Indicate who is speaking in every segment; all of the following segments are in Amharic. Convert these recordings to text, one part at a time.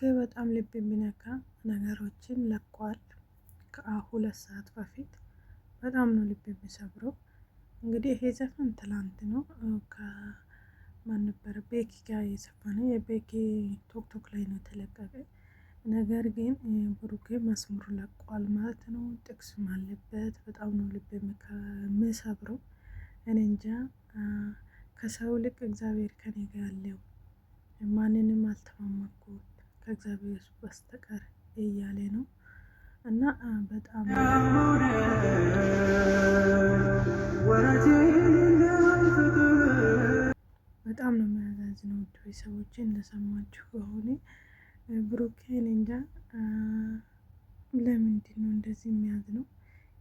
Speaker 1: ብሩኬ በጣም ልብ የሚነካ ነገሮችን ለቋል። ከሁለት ሰዓት በፊት በጣም ነው ልብ የሚሰብረው። እንግዲህ ይሄ ዘፈን ትላንት ነው ከማን ነበረ ቤኪ ጋር የዘፈነ የቤኪ ቶክቶክ ላይ ነው የተለቀቀ። ነገር ግን ብሩኬ መስመሩ ለቋል ማለት ነው። ጥቅስም አለበት። በጣም ነው ልብ የሚሰብረው። እኔ እንጃ ከሰው ልቅ እግዚአብሔር ከኔ ጋር ያለው ማንንም አልተማማ ከእግዚአብሔር በስተቀር እያለ ነው እና በጣም በጣም ነው የሚያዛዝነው። ውድ ሰዎች እንደሰማችሁ ከሆነ ብሩኬን እንጃ ለምንድን ነው እንደዚህ የሚያዝ ነው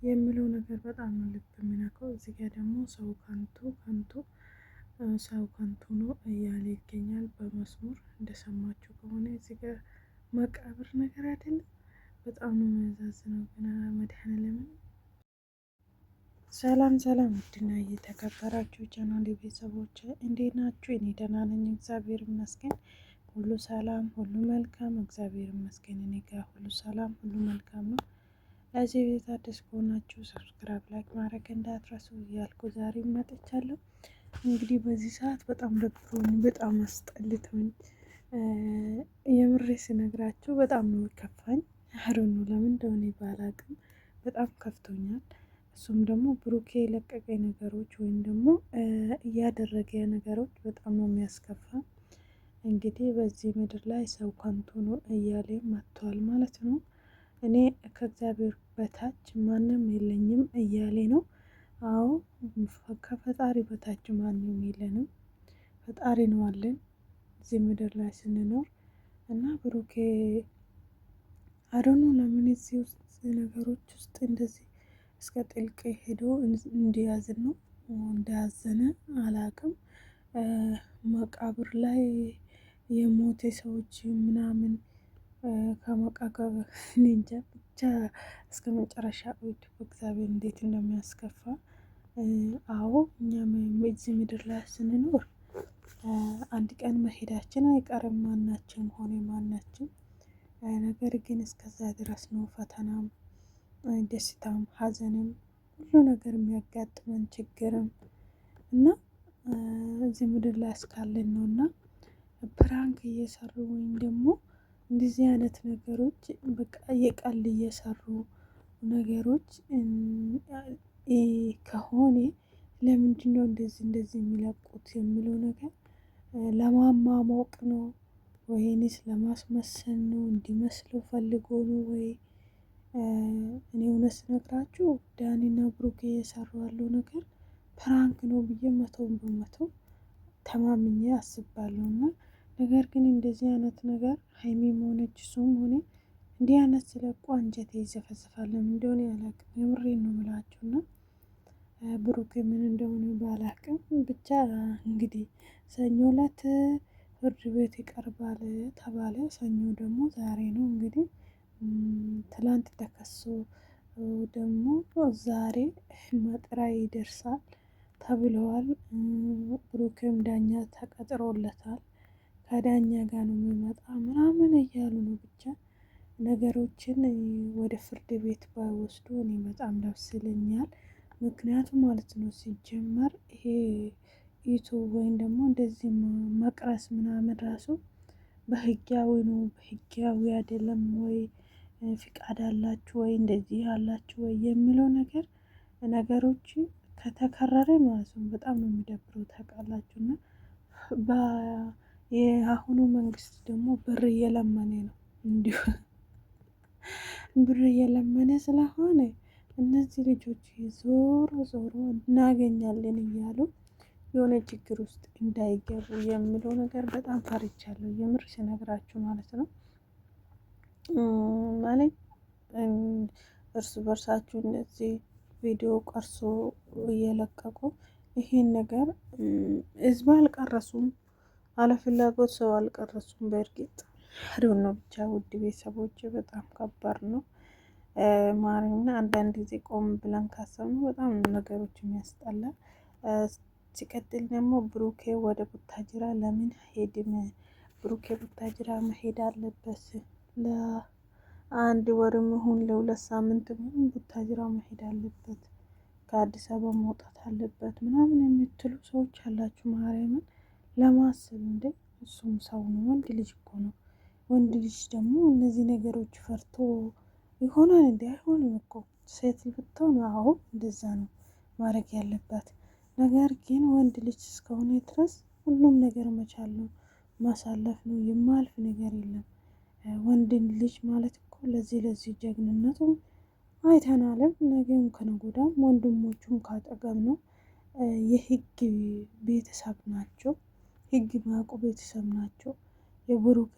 Speaker 1: የሚለው ነገር በጣም ነው ልብ የሚነካው። እዚጋ ደግሞ ሰው ከንቱ ከንቱ ሰው ከንቱ ነው እያለ ይገኛል። በመዝሙር እንደሰማችሁ ከሆነ እዚህ ጋር መቃብር ነገር አይደለም። በጣም ነው የሚያሳዝነው። ገና መድኃኔዓለምን ሰላም ሰላም፣ ውድና እየተከበራችሁ ቻናል ቤተሰቦች እንዴት ናችሁ? እኔ ደህና ነኝ፣ እግዚአብሔር ይመስገን። ሁሉ ሰላም፣ ሁሉ መልካም፣ እግዚአብሔር ይመስገን። እኔ ጋር ሁሉ ሰላም፣ ሁሉ መልካም ነው። ለዚህ ቤት አዲስ ከሆናችሁ ሰብስክራይብ፣ ላይክ ማድረግ እንዳትረሱ እያልኩ ዛሬ መጥቻለሁ። እንግዲህ በዚህ ሰዓት በጣም ደብሮኝ በጣም አስጠልቶኝ የምሬ ስነግራችሁ በጣም ነው ከፋኝ። አረኑ ለምን እንደሆነ ባላቅም በጣም ከፍቶኛል። እሱም ደግሞ ብሩኬ የለቀቀ ነገሮች ወይም ደግሞ እያደረገ ነገሮች በጣም ነው የሚያስከፋ። እንግዲህ በዚህ ምድር ላይ ሰው ከንቱ ነው እያለ መጥቷል ማለት ነው። እኔ ከእግዚአብሔር በታች ማንም የለኝም እያሌ ነው አዎ ከፈጣሪ በታች ማንም የለንም። ፈጣሪ ነው አለን እዚህ ምድር ላይ ስንኖር እና ብሩኬ አዶኑ ለምን እዚህ ውስጥ ነገሮች ውስጥ እንደዚህ እስከ ጥልቅ ሄዶ እንዲያዝ ነው እንዳያዘነ አላቅም። መቃብር ላይ የሞተ ሰዎች ምናምን ከመቃቀብ እንጃ ብቻ እስከ መጨረሻ ቆይቶ በእግዚአብሔር እንዴት እንደሚያስከፋ አዎ እኛም እዚህ ምድር ላይ ስንኖር አንድ ቀን መሄዳችን አይቀርም ማናችንም ሆነ ማናችን። ነገር ግን እስከዛ ድረስ ነው ፈተናም፣ ደስታም፣ ሀዘንም፣ ሁሉ ነገር የሚያጋጥመን ችግርም እና እዚህ ምድር ላይ እስካለን ነው እና ፕራንክ እየሰሩ ወይም ደግሞ እንደዚህ አይነት ነገሮች በቃ የቀል እየሰሩ ነገሮች ከሆነ ለምንድን ነው እንደዚህ እንደዚህ የሚለቁት የሚለው ነገር ለማማሞቅ ነው ወይንስ ለማስመሰል ነው? እንዲመስለው ፈልጎ ነው ወይ? እኔ እውነት ስነግራችሁ ዳኒና ብሩኬ የሰሩ ያለው ነገር ፕራንክ ነው ብዬ መቶውን በመቶ ተማምኜ አስባለሁ። እና ነገር ግን እንደዚህ አይነት ነገር ሀይሚም ሆነች እሱም ሆነ እንዲህ አይነት ስለቁ አንጀቴ ይዘፈዝፋለን እንደሆነ ያላቅ የምሬ ነው የምላችሁ እና ብሩክ ምን እንደሆነ ባላቅም ብቻ እንግዲህ ሰኞ ዕለት ፍርድ ቤት ይቀርባል ተባለ። ሰኞ ደግሞ ዛሬ ነው። እንግዲህ ትላንት ተከሶ ደግሞ ዛሬ መጥራ ይደርሳል ተብለዋል። ብሩክም ዳኛ ተቀጥሮለታል። ከዳኛ ጋር ነው የሚመጣ ምናምን እያሉ ነው ብቻ ነገሮችን ወደ ፍርድ ቤት ባይወስዱ እኔ በጣም ደስ ይለኛል። ምክንያቱም ማለት ነው ሲጀመር ይሄ ዩቱብ ወይም ደግሞ እንደዚህ መቅረስ ምናምን ራሱ በህጋዊ ነው በህጋዊ አይደለም ወይ ፍቃድ አላችሁ ወይ እንደዚህ አላችሁ ወይ የሚለው ነገር ነገሮች ከተከረረ ማለት ነው በጣም ነው የሚደብረው ታውቃላችሁ። እና የአሁኑ መንግስት ደግሞ ብር እየለመነ ነው እንዲሁ ብር እየለመነ ስለሆነ እነዚህ ልጆች ዞሮ ዞሮ እናገኛለን እያሉ የሆነ ችግር ውስጥ እንዳይገቡ የሚለው ነገር በጣም ፈርቻለሁ። የምር ስነግራችሁ ማለት ነው። ማለት እርስ በርሳችሁ እነዚህ ቪዲዮ ቀርሶ እየለቀቁ ይሄን ነገር ህዝብ አልቀረሱም፣ አለፍላጎት ሰው አልቀረሱም። በእርግጥ አሪው ነው ብቻ ውድ ቤተሰቦች በጣም ከባድ ነው። ማርና አንዳንድ ጊዜ ቆም ብለን ካሰብነው በጣም ነገሮች የሚያስጠላ። ሲቀጥል ደግሞ ብሩኬ ወደ ቡታጅራ ለምን ሄድም? ብሩኬ ቡታጅራ መሄድ አለበት። ለአንድ ወርም ይሁን ለሁለት ሳምንት ይሁን ቡታጅራ መሄድ አለበት፣ ከአዲስ አበባ መውጣት አለበት ምናምን የምትሉ ሰዎች አላችሁ። ማርያምን ለማሰብ እንደ እሱም ሰው ነው፣ ወንድ ልጅ እኮ ነው። ወንድ ልጅ ደግሞ እነዚህ ነገሮች ፈርቶ ይሆናል እንዲ አይሆንም እኮ ሴት ብትሆን አዎ እንደዛ ነው ማድረግ ያለባት። ነገር ግን ወንድ ልጅ እስከሆነ ድረስ ሁሉም ነገር መቻል ነው ማሳለፍ ነው የማልፍ ነገር የለም። ወንድን ልጅ ማለት እኮ ለዚህ ለዚህ ጀግንነቱ አይተናለም። ነገም ከነጎዳም ወንድሞቹም ካጠገብ ነው። የህግ ቤተሰብ ናቸው። ህግ ማቁ ቤተሰብ ናቸው። የብሩክ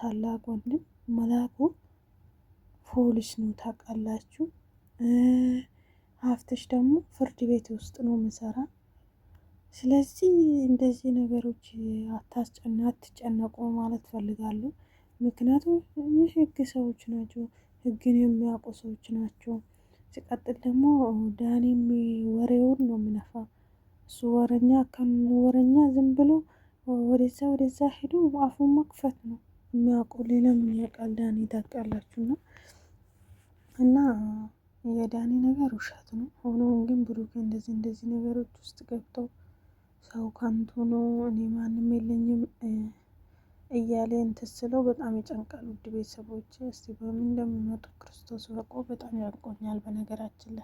Speaker 1: ታላቅ ወንድም መላኩ ፖሊስ ነው ታውቃላችሁ። ሀፍተሽ ደግሞ ፍርድ ቤት ውስጥ ነው ምሰራ። ስለዚህ እንደዚህ ነገሮች አታስጨና አትጨነቁ ማለት ፈልጋለሁ። ምክንያቱም ይህ ህግ ሰዎች ናቸው፣ ህግን የሚያውቁ ሰዎች ናቸው። ሲቀጥል ደግሞ ዳኒም ወሬውን ነው ምነፋ። እሱ ወረኛ ከወረኛ ዝም ብሎ ወደዛ ወደዛ ሄዶ አፉን መክፈት ነው የሚያውቁ። ሌላ ምን ያውቃል ዳኒ ታውቃላችሁ ነው እና የዳኒ ነገር ውሸት ነው። ሆኖም ግን ብሩክ እንደዚህ እንደዚህ ነገሮች ውስጥ ገብተው ሰው ከንቱ ነው እኔ ማንም የለኝም እያለ እንትን ስለው በጣም ይጨንቃል። ውድ ቤተሰቦች እስቲ በምን እንደሚመጡ ክርስቶስ በቆ በጣም ያንቆኛል በነገራችን ላይ